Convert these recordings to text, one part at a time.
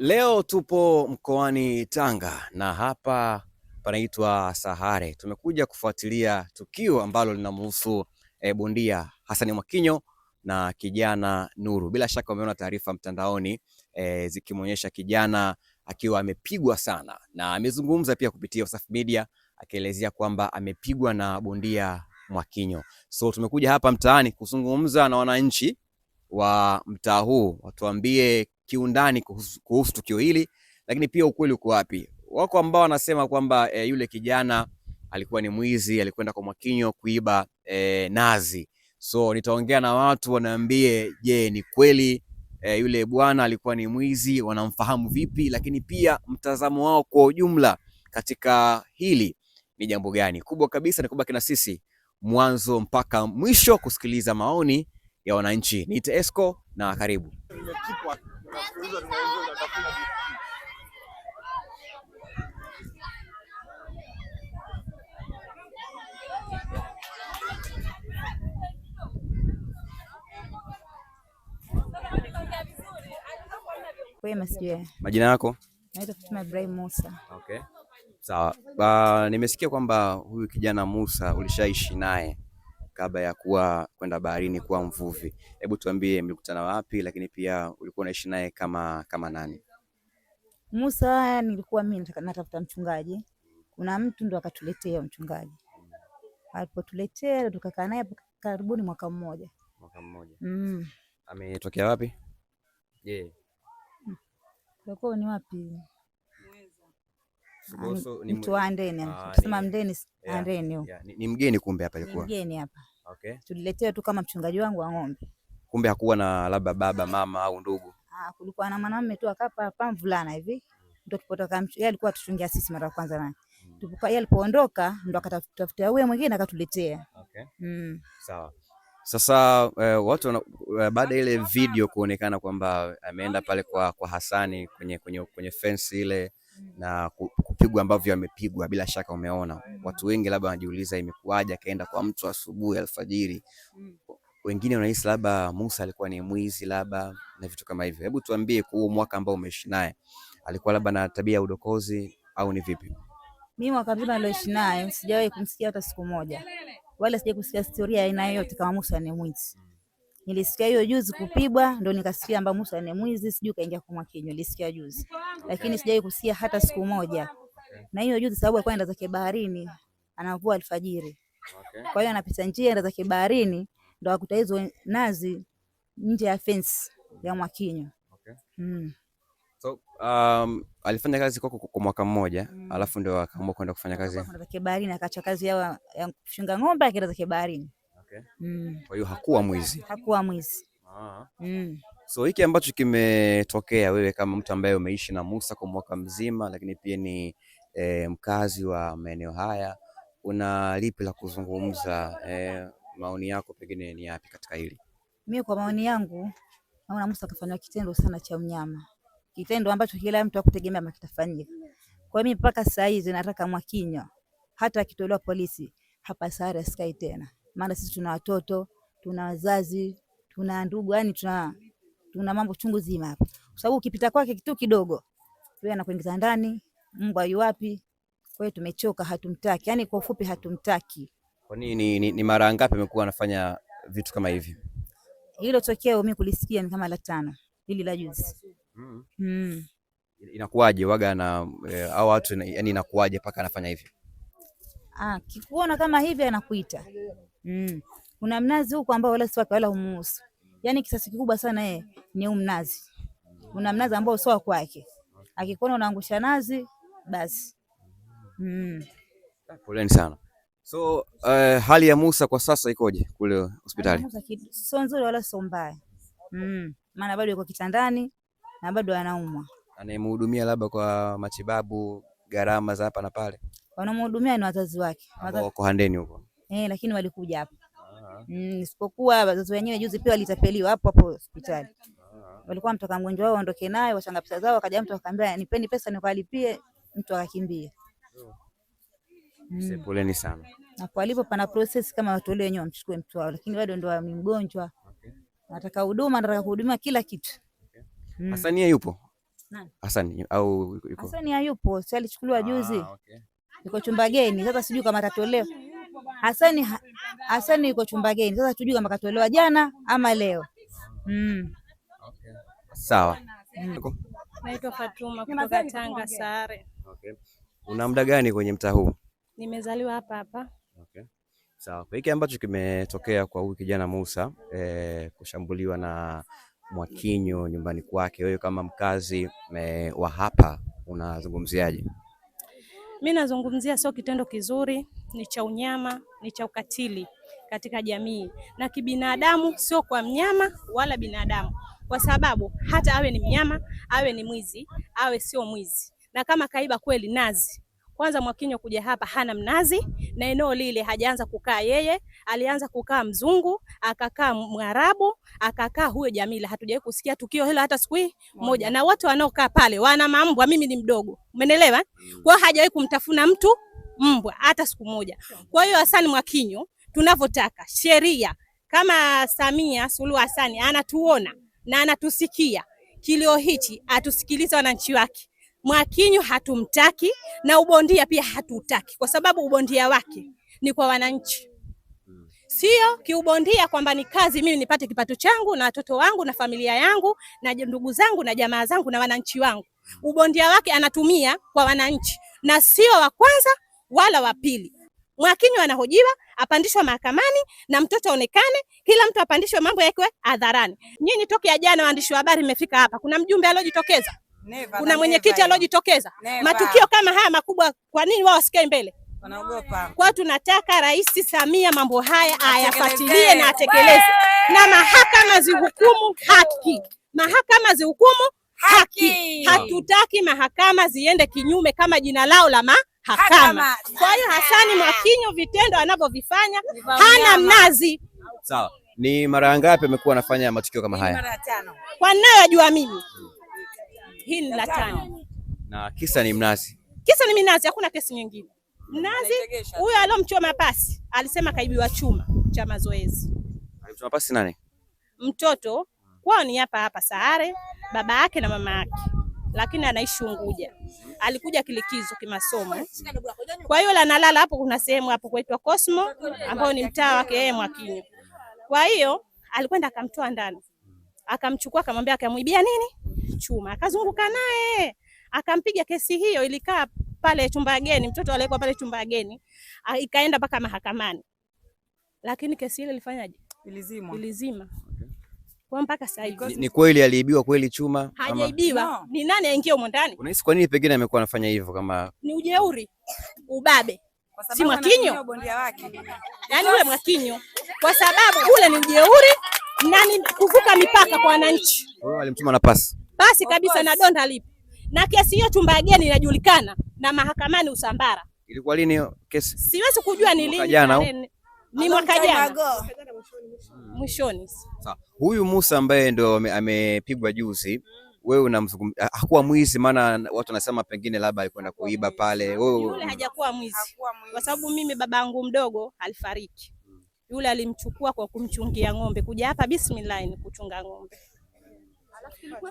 Leo tupo mkoani Tanga na hapa panaitwa Sahare. Tumekuja kufuatilia tukio ambalo linamhusu e, eh, bondia Hassan Mwakinyo na kijana Nuru. Bila shaka umeona taarifa mtandaoni e, eh, zikimwonyesha kijana akiwa amepigwa sana, na amezungumza pia kupitia Wasafi Media akielezea kwamba amepigwa na bondia Mwakinyo. So tumekuja hapa mtaani kuzungumza na wananchi wa mtaa huu, watuambie kiundani kuhusu, kuhusu tukio hili, lakini pia ukweli uko wapi. Wako ambao wanasema kwamba e, yule kijana alikuwa ni mwizi, alikwenda kwa Mwakinyo kuiba e, nazi. So nitaongea na watu wanaambie, je, ni kweli e, yule bwana alikuwa ni mwizi? Wanamfahamu vipi? Lakini pia mtazamo wao kwa ujumla katika hili ni jambo gani? Kubwa kabisa ni kubaki na sisi mwanzo mpaka mwisho kusikiliza maoni ya wananchi. Niite Esco na karibu nasikiliza ninauza unatafuna biskuti Majina yako? Naitwa Fatuma Ibrahim Musa. Okay. Sawa. So, uh, nimesikia kwamba huyu kijana Musa ulishaishi naye kabla ya kuwa kwenda baharini kuwa mvuvi. Hebu tuambie mlikutana wapi, lakini pia ulikuwa unaishi naye kama kama nani? Musa, nilikuwa mimi natafuta mchungaji, kuna mtu ndo akatuletea mchungaji. Alipotuletea tukakaa naye karibuni mwaka mmoja. Mwaka mmoja. Mm. Ametokea wapi? Je. Yeah. Ni wapi? ni mgeni, kumbe hapa ilikuwa mgeni hapa. Okay, tuliletewa tu kama mchungaji wangu wa ng'ombe, kumbe hakuwa na labda baba mama au ndugu. Ah, kulikuwa na mwanamume tu akapa hapa mvulana hivi, ndio tulipotoka. Yeye alikuwa tuchungia sisi mara ya kwanza naye hmm. yeye alipoondoka ndo akatafuta wewe mwingine akatuletea. Okay. Mm. Sawa. Sasa uh, watu uh, baada ya ile video kuonekana kwamba ameenda pale kwa, kwa Hasani kwenye, kwenye, kwenye fence ile na kupigwa ambavyo amepigwa, bila shaka umeona watu wengi labda wanajiuliza imekuwaje akaenda kwa mtu asubuhi alfajiri. Wengine wanahisi labda Musa alikuwa ni mwizi labda na vitu kama hivyo. Hebu tuambie, kwa huo mwaka ambao umeishi naye alikuwa labda na tabia ya udokozi au ni vipi? Mimi mwaka mzima nilioishi naye sijawahi kumsikia hata siku moja, wala sijawahi kusikia historia aina yoyote kama Musa ni mwizi. Nilisikia hiyo juzi kupibwa, ndo nikasikia mba Musa ni mwizi, sijui kaingia kwa mwakinyo. Nilisikia juzi, lakini sijai kusikia hata siku moja. Na hiyo juzi, sababu alikuwa anaenda zake baharini, anavua alfajiri, kwa hiyo anapita njia anaenda zake baharini, ndo akuta hizo nazi nje ya fence ya mwakinyo. Mm. So, um, alifanya kazi kwako kwa mwaka mmoja mm. Alafu ndio akaamua kwenda kufanya kazi zake baharini, akaacha kazi ya kuchunga ng'ombe akaenda zake baharini. Okay. Mm. Kwa hiyo hakuwa mwizi. Hakuwa mwizi. Ah. Mm. So hiki ambacho kimetokea wewe kama mtu ambaye umeishi na Musa kwa mwaka mzima, lakini pia ni e, mkazi wa maeneo haya, una lipi la kuzungumza? E, maoni yako pengine ni yapi katika hili? Mimi kwa maoni yangu naona Musa akafanywa kitendo sana cha unyama, kitendo ambacho kila mtu hakutegemea makitafanyika. Kwa mimi mpaka sasa hizi nataka Mwakinyo hata akitolewa polisi hapa sare Sky tena maana sisi tuna watoto, tuna wazazi, tuna ndugu, yani tuna tuna mambo chungu zima hapa, kwa sababu ukipita kwake kitu kidogo wewe anakuingiza ndani, mbwa yu wapi? Kwa hiyo tumechoka, hatumtaki. Yani kwa ufupi, hatumtaki. Kwa nini? Ni, ni ni mara ngapi amekuwa anafanya vitu kama hivi? Hilo tokeo mimi kulisikia ni kama la tano, hili la juzi. mm. mm. Inakuwaje waga na eh, au watu yani, inakuwaje mpaka anafanya hivi? Ah, kikuona kama hivi anakuita Mm. Kuna mnazi huko ambao wala sio wake wala humuhusu. Yaani kisasi kikubwa sana yeye ni huu mnazi. Kuna mnazi ambao sio kwake, akikona unaangusha nazi basi. Mm. Poleni sana. So uh, hali ya Musa kwa sasa ikoje kule hospitali? Sio nzuri wala sio mbaya. Mm. Maana bado yuko kitandani na bado anaumwa. Anayemhudumia labda kwa matibabu, gharama za hapa na pale. wanamhudumia ni wazazi wake. Wako Handeni huko eh, lakini walikuja hapa mm, isipokuwa wazazi wenyewe juzi pia walitapeliwa hapo hapo hospitali. Walikuwa mtoka mgonjwa wao aondoke naye, wachanga pesa zao, akaja mtu akamwambia nipeni pesa nikalipie, mtu akakimbia. Oh. Mm. Poleni sana. Na kwa alipo pana process kama watu wale wenyewe wamchukue mtu wao, lakini bado ndo ni mgonjwa. Okay. Nataka huduma, nataka kuhudumia kila kitu. Okay. Mm. Hasania yupo? Nani? Hasani au yuko? Hasani hayupo, si alichukuliwa ah, juzi. Ah, okay. Yuko chumba geni, sasa sijui kama atatolewa. Hasani, Hasani yuko chumba geni. Sasa tujui kama katolewa jana ama leo. Mm. Okay. Sawa. Mm. Naitwa Fatuma kutoka Tanga Sare. Okay. Una muda gani kwenye mtaa huu? Nimezaliwa hapa hapa. Okay. Sawa. Kwa hiki ambacho kimetokea kwa huyu kijana Musa eh, kushambuliwa na Mwakinyo nyumbani kwake, wewe kama mkazi eh, wa hapa unazungumziaje? Mimi nazungumzia sio kitendo kizuri, ni cha unyama, ni cha ukatili katika jamii na kibinadamu, sio kwa mnyama wala binadamu, kwa sababu hata awe ni mnyama, awe ni mwizi, awe sio mwizi, na kama kaiba kweli nazi kwanza Mwakinyo kuja hapa hana mnazi, na eneo lile hajaanza kukaa yeye, alianza kukaa mzungu, akakaa mwarabu, akakaa huyo Jamila. Hatujawahi kusikia tukio hilo hata siku moja, na wote wanaokaa pale wana mambwa. Mimi ni mdogo, umeelewa? Mm. Kwa hiyo hajawahi kumtafuna mtu mbwa hata siku moja. Kwa hiyo Hassan Mwakinyo, tunavyotaka sheria, kama Samia Suluhu Hassan anatuona na anatusikia kilio hichi, atusikilize wananchi wake Mwakinyo hatumtaki na ubondia pia hatutaki, kwa sababu ubondia wake ni kwa wananchi, sio kiubondia kwamba ni kazi mimi nipate kipato changu na watoto wangu na familia yangu na ndugu zangu na jamaa zangu na wananchi wangu. Ubondia wake anatumia kwa wananchi na sio wa kwanza wala wa pili. Mwakinyo anahojiwa apandishwa mahakamani na mtoto aonekane, kila mtu apandishwe, mambo yake hadharani. Nyinyi tokea jana, waandishi wa habari, mmefika hapa, kuna mjumbe aliojitokeza Never, kuna mwenyekiti aliojitokeza matukio kama haya makubwa, kwa nini wao wasikae mbele? kwao Kwa tunataka Rais Samia mambo haya ayafuatilie na atekeleze, na mahakama zihukumu haki, mahakama zihukumu haki. Hatutaki mahakama ziende kinyume kama jina lao la mahakama. Kwa hiyo Hasani Mwakinyo vitendo anavyovifanya hana mnazi. Sawa, ni mara ngapi amekuwa anafanya matukio kama haya? Mara tano. Kwa ninayoyajua mimi hili la tano, na kisa ni mnazi. Kisa ni minazi, hakuna kesi nyingine. Mnazi huyo aliyomchoma pasi alisema kaibiwa chuma cha mazoezi. Alimchoma pasi nani? Mtoto kwao ni hapa hapa Sahare, baba yake na mama yake, lakini anaishi Unguja. Alikuja kilikizo kimasomo, kwa hiyo analala hapo. Kuna sehemu hapo kuitwa Cosmo ambayo ni mtaa wake yeye Mwakinyo. Kwa hiyo alikwenda akamtoa ndani, akamchukua, akamwambia, akamwibia nini chuma akazunguka naye akampiga. Kesi hiyo ilikaa pale chumba geni mtoto alikuwa pale chumba geni, ikaenda mpaka mahakamani, lakini kesi ile ilifanyaje? Ilizima, ilizima. Kwa mpaka sasa hivi ni, ni kweli aliibiwa kweli chuma? Hajaibiwa no. Ni nani aingia humo ndani? Unahisi kwa nini pengine amekuwa anafanya hivyo? Kama ni ujeuri, ubabe, si Mwakinyo bondia wake, yani ule Mwakinyo, kwa sababu ule ni ujeuri na ni kuvuka mipaka kwa wananchi. Alimtuma na pasi basi kabisa na donda lipo. Na kesi hiyo chumba ageni inajulikana na mahakamani Usambara. Ilikuwa lini kesi? Siwezi kujua ni lini. Jana ni mwaka jana mwishoni. Sawa. Huyu Musa ambaye ndio amepigwa juzi wewe unamzungumzia, hakuwa mwizi? Maana watu wanasema pengine labda alikwenda kuiba pale. Wewe yule hajakuwa mwizi, kwa sababu mimi babangu mdogo alifariki, hmm. yule alimchukua kwa kumchungia ng'ombe, kuja hapa bismillah ni kuchunga ng'ombe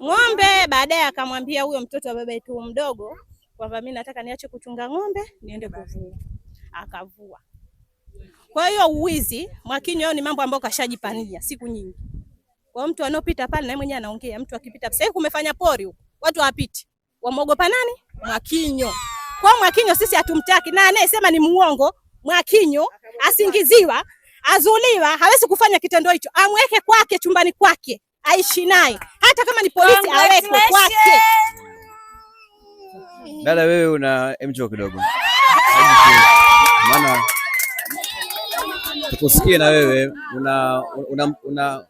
ng'ombe. Baadaye akamwambia huyo mtoto wa baba yetu mdogo kwamba mimi nataka niache kuchunga ng'ombe niende kuvua, akavua. Kwa hiyo uwizi Mwakinyo ni mambo ambayo kashajipania siku nyingi. Kwa mtu anopita pale na mwenyewe anaongea, mtu akipita sasa hivi kumefanya pori huko, watu hawapiti, wamuogopa nani? Mwakinyo. Kwa Mwakinyo sisi hatumtaki, na anayesema ni muongo Mwakinyo asingiziwa azuliwa, hawezi kufanya kitendo hicho, amweke kwake chumbani kwake, aishi naye hata kama ni polisi awekwe kwake. Dada wewe una mjo kidogo, maana tukusikie na wewe una, una, una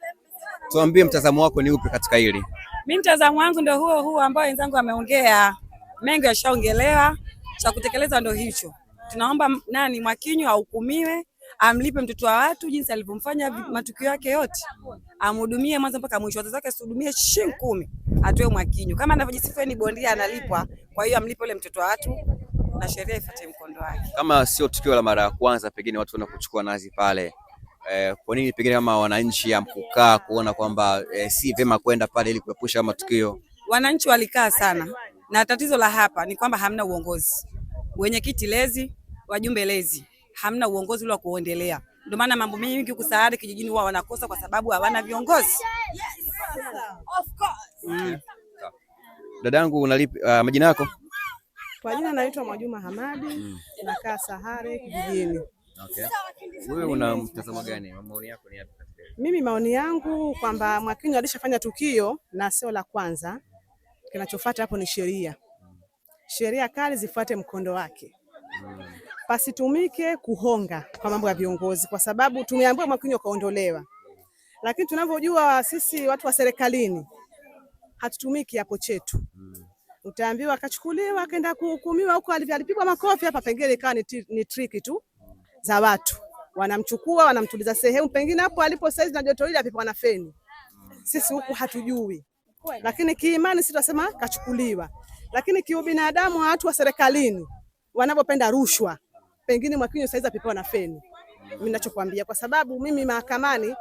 tuambie mtazamo wako ni upi katika hili. Mi mtazamo wangu ndio huo huo ambao wenzangu wameongea, mengi yashaongelewa, cha kutekeleza ndio hicho. Tunaomba nani Mwakinyo ahukumiwe amlipe mtoto wa watu jinsi alivyomfanya mm. matukio yake yote, amhudumie mwanzo mpaka mwisho. Wazazi wake asihudumie shilingi kumi, atoe Mwakinyo kama anavyojisifia ni bondia, analipwa. Kwa hiyo amlipe ule mtoto wa watu na sheria ifuate mkondo wake. Kama sio tukio la mara ya kwanza, pengine watu wanakuchukua nazi pale eh, kwa nini pengine kama wananchi amkukaa kuona kwamba eh, si vema kwenda pale ili kuepusha matukio? Wananchi walikaa sana, na tatizo la hapa ni kwamba hamna uongozi, wenyekiti lezi, wajumbe lezi hamna uongozi ule wa kuendelea. Ndio maana mambo mengi kusaada kijijini huwa wanakosa kwa sababu hawana viongozi. of course. Mm. Dadangu, unalipi uh, majina yako? Kwa jina naitwa Mwajuma Hamadi mm. Nakaa Sahare kijijini. Okay. Wewe una mtazamo gani? Maoni yako ni yapi? Mimi maoni yangu kwamba Mwakinyo alishafanya tukio na sio la kwanza. Kinachofuata hapo ni sheria. Mm. Sheria kali zifuate mkondo wake pasitumike kuhonga kwa mambo ya viongozi, kwa sababu tumeambiwa Mwakinyo kaondolewa, lakini tunavyojua sisi watu wa serikalini hatutumiki hapo chetu. Utaambiwa akachukuliwa akaenda kuhukumiwa huko, alipigwa makofi hapa, pengine ikawa ni ni triki tu za watu, wanamchukua wanamtuliza sehemu pengine hapo alipo saizi na joto ile apipwa na feni. Sisi huku hatujui, lakini kiimani sisi tunasema kachukuliwa, lakini kiubinadamu watu wa serikalini wanavyopenda rushwa pengine Mwakinyo saizi apepewa na feni. Mimi ninachokuambia kwa sababu mimi mahakamani,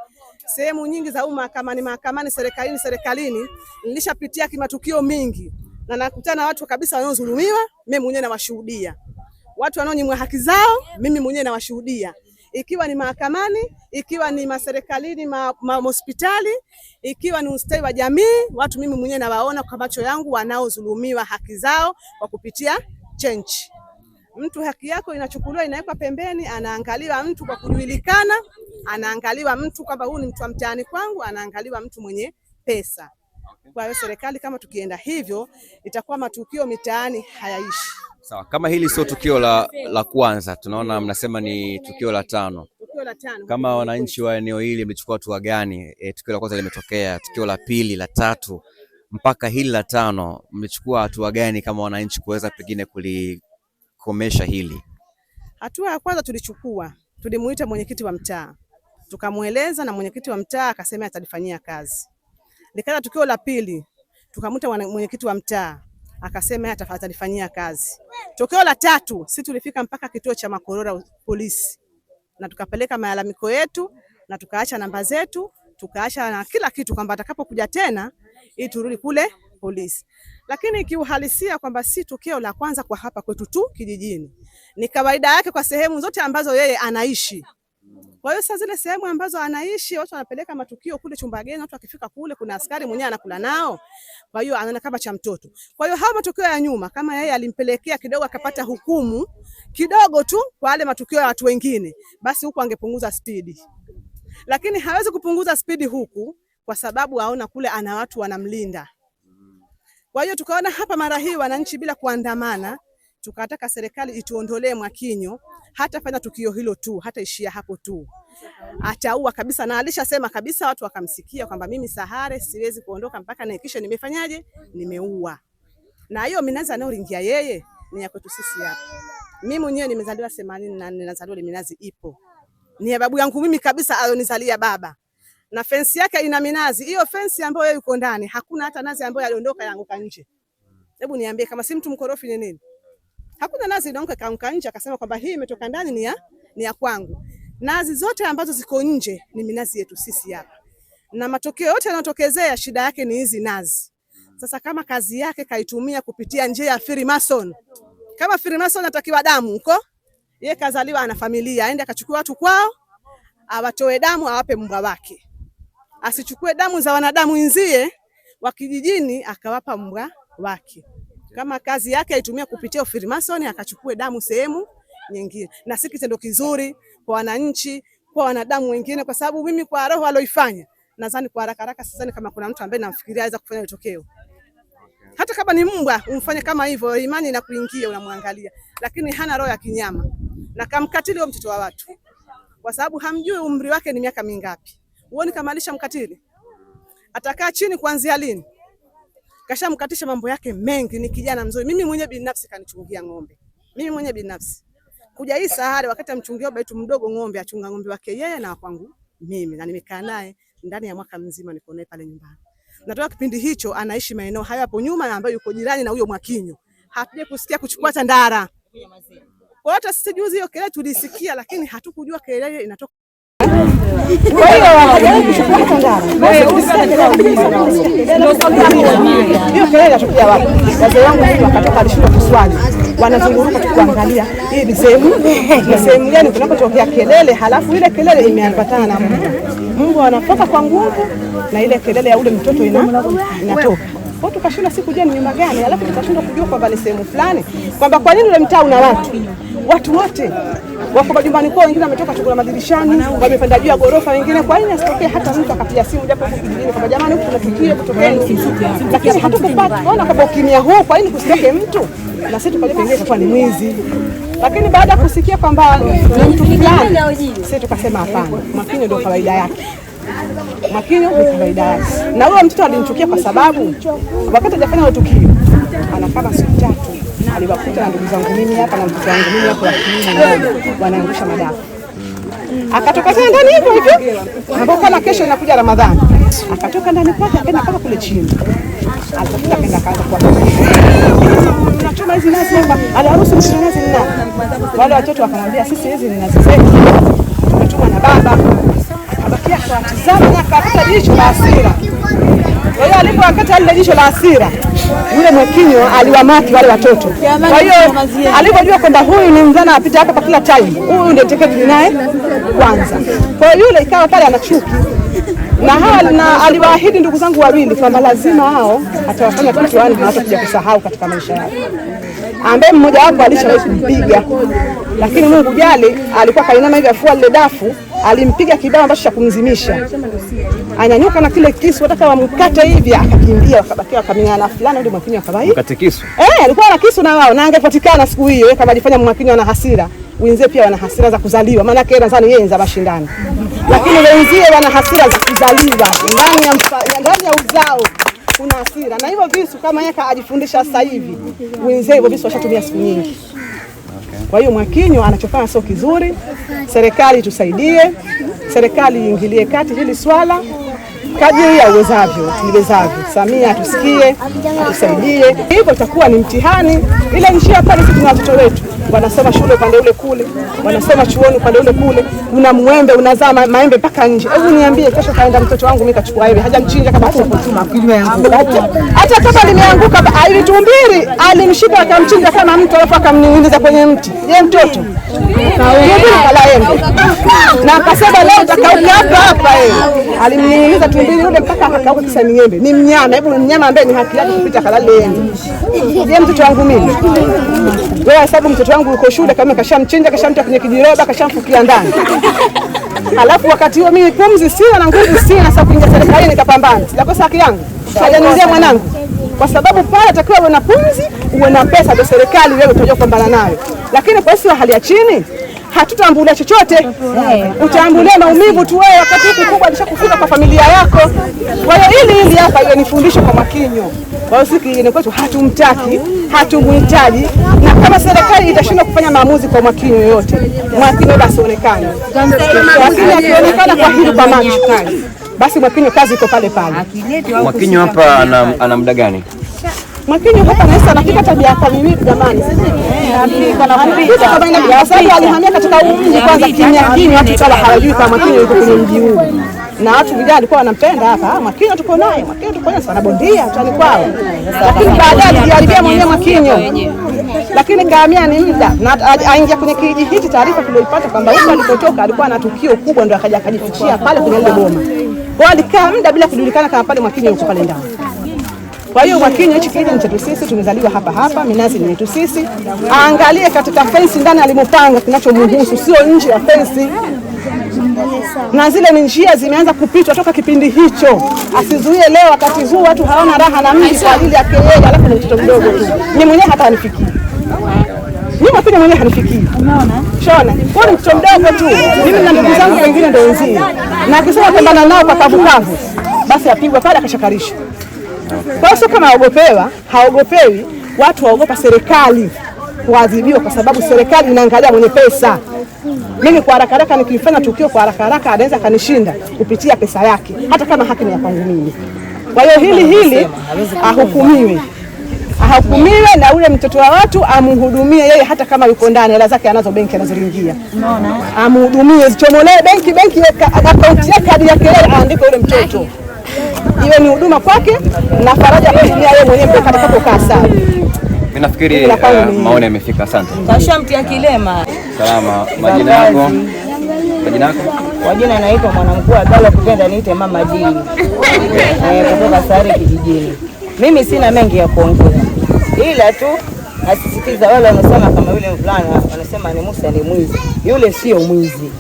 sehemu nyingi za umma, mahakamani, mahakamani, serikalini, serikalini, nilishapitia kimatukio mingi na nakutana na watu kabisa wanaodhulumiwa, mimi mwenyewe nawashuhudia. Watu wanaonyimwa haki zao, mimi mwenyewe nawashuhudia ikiwa ni mahakamani, ikiwa ni maserikalini, ma ma ikiwa ni ustawi wa jamii, watu mimi mwenyewe nawaona kwa macho yangu wanaodhulumiwa haki zao kwa kupitia chenchi mtu haki yako inachukuliwa inawekwa pembeni, anaangaliwa mtu kwa kujulikana, anaangaliwa mtu kwamba huyu ni mtu wa mtaani kwangu, anaangaliwa mtu mwenye pesa. Kwa hiyo serikali, kama tukienda hivyo, itakuwa matukio mitaani hayaishi. Sawa, kama hili sio tukio la, la kwanza, tunaona mnasema ni tukio la tano. Tukio la tano, kama wananchi wa eneo hili mlichukua hatua gani? E, tukio la kwanza limetokea, tukio la pili, la tatu mpaka hili la tano, mlichukua hatua gani kama wananchi kuweza pengine kuli kukomesha hili? Hatua ya kwanza tulichukua, tulimuita mwenyekiti wa mtaa tukamweleza, na mwenyekiti wa mtaa akasema atalifanyia kazi. Likaja tukio la pili, tukamuita mwenyekiti wa mtaa akasema atalifanyia kazi. Tukio la tatu, sisi tulifika mpaka kituo cha Makorora polisi na tukapeleka malalamiko yetu na tukaacha namba zetu tukaacha na kila kitu, kwamba atakapokuja tena ili turudi kule polisi. Lakini kiuhalisia kwamba si tukio la kwanza kwa hapa kwetu tu kijijini, ni kawaida yake kwa sehemu zote ambazo yeye anaishi. Kwa hiyo sasa zile sehemu ambazo anaishi watu wanapeleka matukio kule Chumbageni, watu akifika kule kuna askari mwenyewe anakula nao. Kwa hiyo anaona kama cha mtoto. Kwa hiyo hayo matukio ya nyuma kama yeye alimpelekea kidogo akapata hukumu kidogo tu kwa yale matukio ya watu wengine, basi huku angepunguza spidi. Lakini hawezi kupunguza spidi huku kwa sababu aona kule ana watu wanamlinda. Kwa hiyo tukaona hapa mara hii wananchi bila kuandamana, tukataka serikali ituondolee Mwakinyo, hata fanya tukio hilo tu, hata ishia hapo tu, ataua kabisa. Na alishasema kabisa, watu wakamsikia kwamba mimi Sahare siwezi kuondoka mpaka nihakikishe nimefanyaje, nimeua. Na hiyo minazi anayoringia yeye ni ya kwetu sisi hapa. Mimi mwenyewe nimezaliwa 84 na nazaliwa Minazi ipo, ni ya babu yangu mimi kabisa, alionizalia baba na fensi yake ina minazi. Hiyo fensi ambayo yuko ndani hakuna hata nazi ambayo yaliondoka yanguka nje. Hebu niambie kama si mtu mkorofi ni nini? Hakuna nazi ndonge kaanguka nje akasema kwamba hii imetoka ndani ni ya ni ya kwangu. Nazi zote ambazo ziko nje ni minazi yetu sisi hapa. Na matokeo yote yanotokezea shida yake ni hizi nazi. Sasa kama kazi yake kaitumia kupitia njia ya Freemason. Kama Freemason anatakiwa damu huko, yeye kazaliwa ana familia, aende akachukua watu kwao, awatoe damu awape mbwa wake asichukue damu za wanadamu wenzie wa kijijini akawapa mbwa wake. Kama kazi yake aitumia kupitia ufirimasoni, akachukue damu sehemu nyingine, na si kitendo kizuri kwa wananchi, kwa wanadamu wengine, kwa sababu mimi kwa roho aloifanya, nadhani kwa haraka haraka sasa, kama kuna mtu ambaye namfikiria aweza kufanya tokeo, hata kama ni mbwa umfanye kama hivyo, imani inakuingia, unamwangalia, lakini hana roho ya kinyama na kamkatili huyo mtoto wa watu, kwa sababu hamjui umri wake ni miaka mingapi. Uone kama Alisha mkatili atakaa chini kuanzia lini? Kashamkatisha mambo yake mengi, ni kijana mzuri. Mimi mwenyewe binafsi kanichungia ng'ombe, mimi mwenyewe binafsi kuja hii sahari, wakati amchungia baba yetu mdogo ng'ombe, achunga ng'ombe wake yeye na wakwangu mimi, na nimekaa naye ndani ya mwaka mzima, niko naye pale nyumbani. Natoka kipindi hicho anaishi maeneo hayo hapo nyuma, ambayo yuko jirani na huyo Mwakinyo, hatuje kusikia kuchukua tandara. Kwa hiyo hata sisi juzi hiyo kelele tulisikia, lakini hatukujua kelele inatoka kwa hiyo hajaribu kushughulika ndani, hiyo kelele inatokea wapi? Wazee wangu wakatoka, alishinda kuswali, wanazunguruka tu kuangalia hii ni sehemu ni sehemu gani kunapotokea kelele, halafu ile kelele imeambatana na Mungu. Mungu anatoka kwa nguvu na ile kelele ya ule mtoto inatoka kwa tukashindwa si kujua ni nyumba gani, alafu tukashindwa kujua kwamba ni sehemu fulani, kwamba kwa nini ule mtaa una watu watu wote wako majumbani kwao, wengine wametoka chakula madirishani, wamepanda juu ya ghorofa, wengine. Kwa nini asitokee hata mtu akapiga simu japo huko kijijini, kwamba jamani, huku tunafikia kutokeni, lakini hatukupata. Naona kwamba ukimya huu, kwa nini kusitoke mtu na sisi tukaja, pengine itakuwa ni mwizi. Lakini baada ya kusikia kwamba ni mtu fulani, sisi tukasema hapana, makini ndio kawaida yake. Makini na huyo mtoto alinichukia kwa sababu wakati hajafanya ile tukio anakaa siku tatu aliwakuta na ndugu zangu mimi hapa na mtoto wangu mimi hapa wanaangusha madafu akatoka tena ndani hivyo hivyo, ambapo kama kesho inakuja Ramadhani, akatoka ndani kwake akaenda paka kule chini, alipokuwa akaenda kaanza kwa Unachoma hizi nazi hapa, aliharusi mtu nazi nina wale watoto wakamwambia, sisi hizi ni nazi zetu tumechuma na baba pia kuwatizama katika jicho la hasira. Kwa hiyo alipowakata lile jicho la hasira, yule mwekinyo aliwamaki wale watoto. Kwa hiyo alipojua kwamba huyu ni mvulana apita hapa kwa kila time, huyu ndio teketi naye kwanza. Kwa hiyo yule ikawa pale ana na hawa na aliwaahidi ndugu zangu wawili kwamba lazima hao atawafanya kitu wani na watakuja kusahau katika maisha yao, ambaye mmoja wapo alishawahi kumpiga, lakini Mungu jali alikuwa kainama hivi afua lile dafu alimpiga kibao ambacho cha kumzimisha, anyanyuka na kile kisu, wataka wamkate hivi, akakimbia, wakabakia wakamingana fulani ndio Mwakinyo akaba hii mkate kisu. Eh, alikuwa na kisu na wao, na angepatikana siku hiyo kama ajifanya Mwakinyo ana hasira. Wenzie pia wana hasira za kuzaliwa, maana yake nadhani yeye za mashindano, lakini wenzie wana hasira za kuzaliwa ndani ya ndani ya uzao kuna hasira, na hivyo visu kama yeye ajifundisha sasa hivi, wenzie hivyo visu washatumia siku nyingi. Kwa hiyo Mwakinyo anachofanya sio kizuri, serikali tusaidie, serikali iingilie kati hili swala kadiri ya uwezavyo tuliwezavyo. Samia atusikie, atusaidie, hivyo itakuwa ni mtihani ile njia pale, sisi tuna watoto wetu wanasoma shule upande ule kule, wanasoma chuoni upande ule kule. una mwembe unazaa ma maembe mpaka nje. Hebu niambie, kesho kaenda mtoto wangu mimi kachukua embe, hajamchinja kama hata kama limeanguka. tumbiri alimshika akamchinja kama mtu, alafu akamning'iniza kwenye mti. ye mtoto kala embe na akasema leo takauka hapa hapa. Yeye alimning'iniza tumbiri ule mpaka akakauka. Kisa ni embe, ni mnyama. Hebu mnyama ambaye ni haki yake kupita kalale embe. Je, mtoto wangu mimi wewe hesabu mtoto wangu yuko shule, kama kashamchinja kashamta kwenye kijiroba kashamfukia ndani alafu wakati huo mimi pumzi sina na nguvu sina, sasa kuingia serikalini nikapambana, sitakosa haki yangu, hajaniuzia mwanangu, kwa sababu pale atakiwa uwe na pumzi uwe na pesa, ndio serikali wewe utajua kupambana nayo. Lakini kwa sisi wa hali ya chini hatutambulia chochote, utaambulia maumivu tu wewe, wakati huku kubwa alishakufuta kwa familia yako. Kwa hiyo ili ili hapa ile nifundishe kwa makinyo kwetu, hatumtaki hatumhitaji, na kama serikali itashindwa kufanya maamuzi kwa makinyo yoyote, makinyo basi onekane, lakini akionekana kwa hili kwa macho basi makinyo kazi iko pale pale. Makinyo hapa ana muda gani? Makini hapa Nesa anapika tabia kwa mimi jamani. Anapika kwa ina biashara sababu alihamia katika huu mji kwanza kimya kimya watu kama hawajui kama Makini yuko kwenye mji huu. Na watu vijana walikuwa wanampenda hapa, ah, Makini tuko naye, Makini tuko naye sana bondia tani kwao. Lakini baadaye alijaribia mwenyewe Makini. Lakini kahamia ni muda na aingia kwenye kijiji hiki, taarifa tulioipata kwamba huko alipotoka alikuwa na tukio kubwa, ndio akaja akajifichia pale kwenye ile boma. Kwa alikaa muda bila kujulikana kama pale Makini yuko pale ndani. Kwa hiyo umakini hichi kijiji ni chetu sisi, tumezaliwa hapa hapa, minazi ni yetu sisi. Aangalie katika fensi ndani alimopanga kinachomhusu, sio nje ya fensi na zile ni njia zimeanza kupitwa toka kipindi hicho, asizuie leo. Wakati huu watu hawana raha na mji kwa ajili ya kelele, alafu ni mtoto mdogo tu, ni mwenyewe hata hanifikii mimi pia mwenyewe hanifikii. Unaona shona kwa ni mtoto mdogo tu, mimi na ndugu zangu wengine ndio wenzii, na akisema pambana nao kwa kavu kavu, basi apigwa pale akashakarishwa. Kwa hiyo sio kama haogopewa, haogopewi. Watu waogopa serikali kuadhibiwa, kwa sababu serikali inaangalia mwenye pesa. Mimi kwa haraka haraka nikifanya tukio kwa haraka haraka, anaweza kanishinda kupitia pesa yake, hata kama haki ni ya kwangu mimi. Kwa hiyo hili hili ahukumiwe, ahukumiwe na ule mtoto wa watu amhudumie yeye, hata kama yuko ndani, hela zake anazo benki, anazoingia amhudumie, zichomolee benki benki, akaunti yake hadi yake, aandike ule mtoto iwe ni huduma kwake na faraja kwa dunia yeye mwenyewe mpaka atakapokaa sawa. Mimi nafikiri eh, maoni yamefika, asante. Kashamti ya kilema. Salama, majina yako? Majina yako? Kwa jina naitwa Mwanamkuu Abdalla, kupenda niite Mama Jini. Eh, kutoka Sare kijijini. Mimi sina mengi ya kuongea. Ila tu nasisitiza wale wanasema kama yule mvulana wanasema ni Musa ni mwizi. Yule sio mwizi.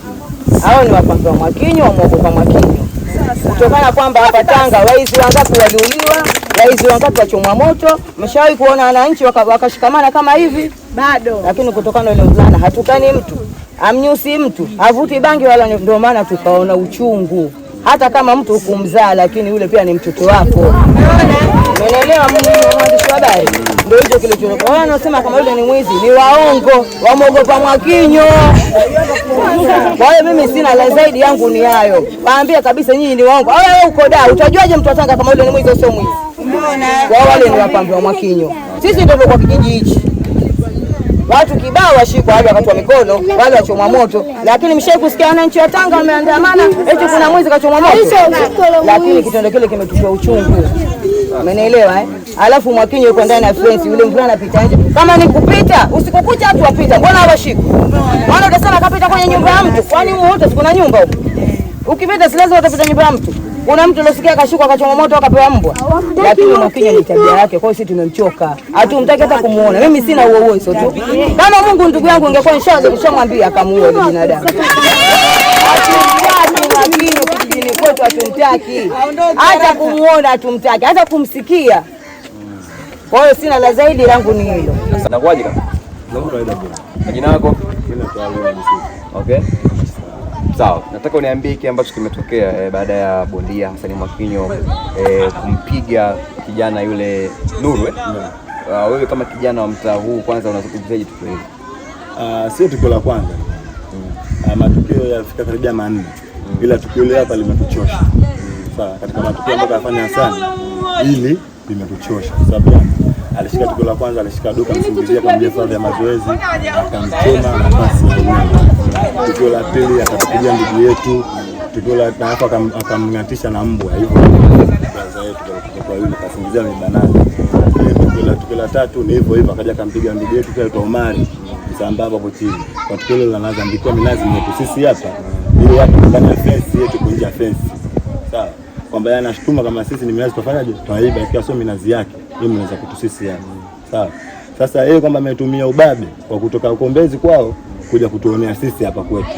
Hao ni wapanga wa Mwakinyo, wamwogopa Mwakinyo kutokana kwamba hapa Tanga waizi wangapi waliuliwa, waizi wangapi wachomwa moto. Mshawahi kuona wananchi wakashikamana waka kama hivi? Bado. Lakini kutokana ile mvulana hatukani mtu, amnyusi mtu, avuti bangi wala, ndio maana tukaona uchungu. Hata kama mtu ukumzaa, lakini yule pia ni mtoto wako. Umeelewa mwandishi wa habari? Ndio hicho kilichotokea. Wao wanaosema kama yule ni mwizi ni waongo, wamogopa Mwakinyo. Kwa hiyo mimi sina la zaidi, yangu ni hayo. Waambie kabisa nyinyi ni waongo. wewe uko da, utajuaje mtu wa Tanga kama yule ni mwizi au sio mwizi? Wao wale ni wapambe wa Mwakinyo. Sisi ndio kwa kijiji hichi watu kibao washikwa wale wakati wa mikono wale wachomwa moto, lakini mshawahi kusikia wananchi wa Tanga wameandamana eti kuna mwizi kachomwa moto? Lakini kitendo kile kimetutia uchungu menelewa eh? Alafu Mwakinyo yuko ndani ya fence, yule mvulana anapita nje. Kama ni kupita usiku kucha watu wapita, mbona hawashiki? Maana utasema kapita kwenye nyumba ya mtu, kwani huko wote kuna nyumba huko. Ukipita si lazima utapita nyumba ya mtu. Kuna mtu alosikia akashuka akachoma moto akapewa mbwa. Lakini Mwakinyo ni tabia yake, kwa hiyo sisi tumemchoka. Hatumtaki hata kumuona. Mimi sina huo huo tu. Kama Mungu ndugu yangu ingekuwa inshallah nishamwambia akamuua binadamu watu hatumtaki, hata kumuona tumtaki, hata kumsikia. Kwa hiyo sina la zaidi, langu ni hilo. Nakuaje kaka? Majina yako? Okay. Sawa, nataka uniambie hiki ambacho kimetokea eh, baada ya bondia Hassan Mwakinyo eh, kumpiga kijana yule Nuru eh? Uh, wewe kama kijana wa mtaa huu kwanza unazungumziaje tukio hili? Uh, sio tukio la kwanza. Mm. Uh, matukio yafika karibia manne ila tukio ile hapa limetuchosha sawa. Katika matukio ambayo kafanya sana, ili limetuchosha kwa sababu gani? Alishika tukio la kwanza, alishika duka msindilia kwa njia ya mazoezi, akamchoma na pasi ya nyama. Tukio la pili akatupigia ndugu yetu, tukio la tatu akamng'atisha na mbwa hivyo yetu kwa yule kasingizia mibanani. Eh, tukio la tatu ni hivyo hivyo, akaja akampiga ndugu yetu kwa Omari Msambaba hapo chini. Kwa tukio la nazi ambikiwa minazi yetu sisi hapa ile watu kufanya fence yetu kuingia fence. Sawa. Kwamba yeye anashtuma kama sisi ni minazi tufanyaje? Tutaiba ikiwa sio minazi yake. Yeye mnaweza kutusisi yani. Sawa. Sasa yeye kwamba ametumia ubabe kwa kutoka Ukombezi kwao kuja kutuonea sisi hapa kwetu.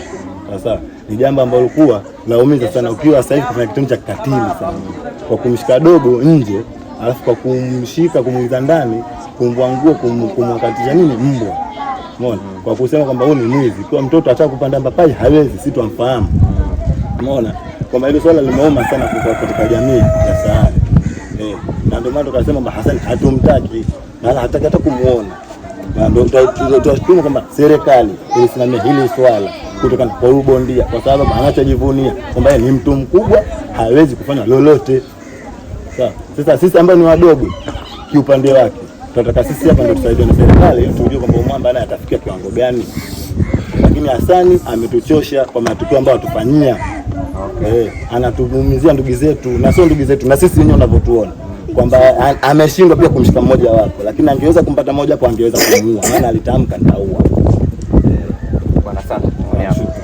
Sasa ni jambo ambalo kuwa naumiza sana, ukiwa sasa hivi kufanya kitendo cha kikatili sana kwa kumshika dogo nje, alafu kwa kumshika kumuiza ndani, kumvua nguo, kumwakatisha nini mbwa umeona, kwa kusema kwamba huyu ni mwizi. Kwa mtoto ataka kupanda mpapai hawezi, sisi twamfahamu, umeona maana hilo swala limeuma sana katika jamii ya Sahara eh, na ndio maana tukasema kwamba Hassan hatumtaki na hataki hata kumuona, na ndio tutashtumu kwamba serikali ilisimamia hili swala kutokana kwa ubondia, kwa sababu anachojivunia kwamba ni mtu mkubwa hawezi kufanya lolote. Sasa sisi ambao ni wadogo kiupande wake tunataka sisi hapa ndio tusaidie na serikali ili tujue kwamba Mwamba naye atafikia kiwango gani, lakini Hasani ametuchosha kwa matukio ambayo atufanyia. Okay. Eh, anatumuumizia ndugu zetu na sio ndugu zetu na sisi wenyewe unavyotuona kwamba ameshindwa pia kumshika mmoja wapo, lakini angeweza kumpata mmoja kwa angeweza kumuua, maana alitamka nitaua. Eh, bwana sana.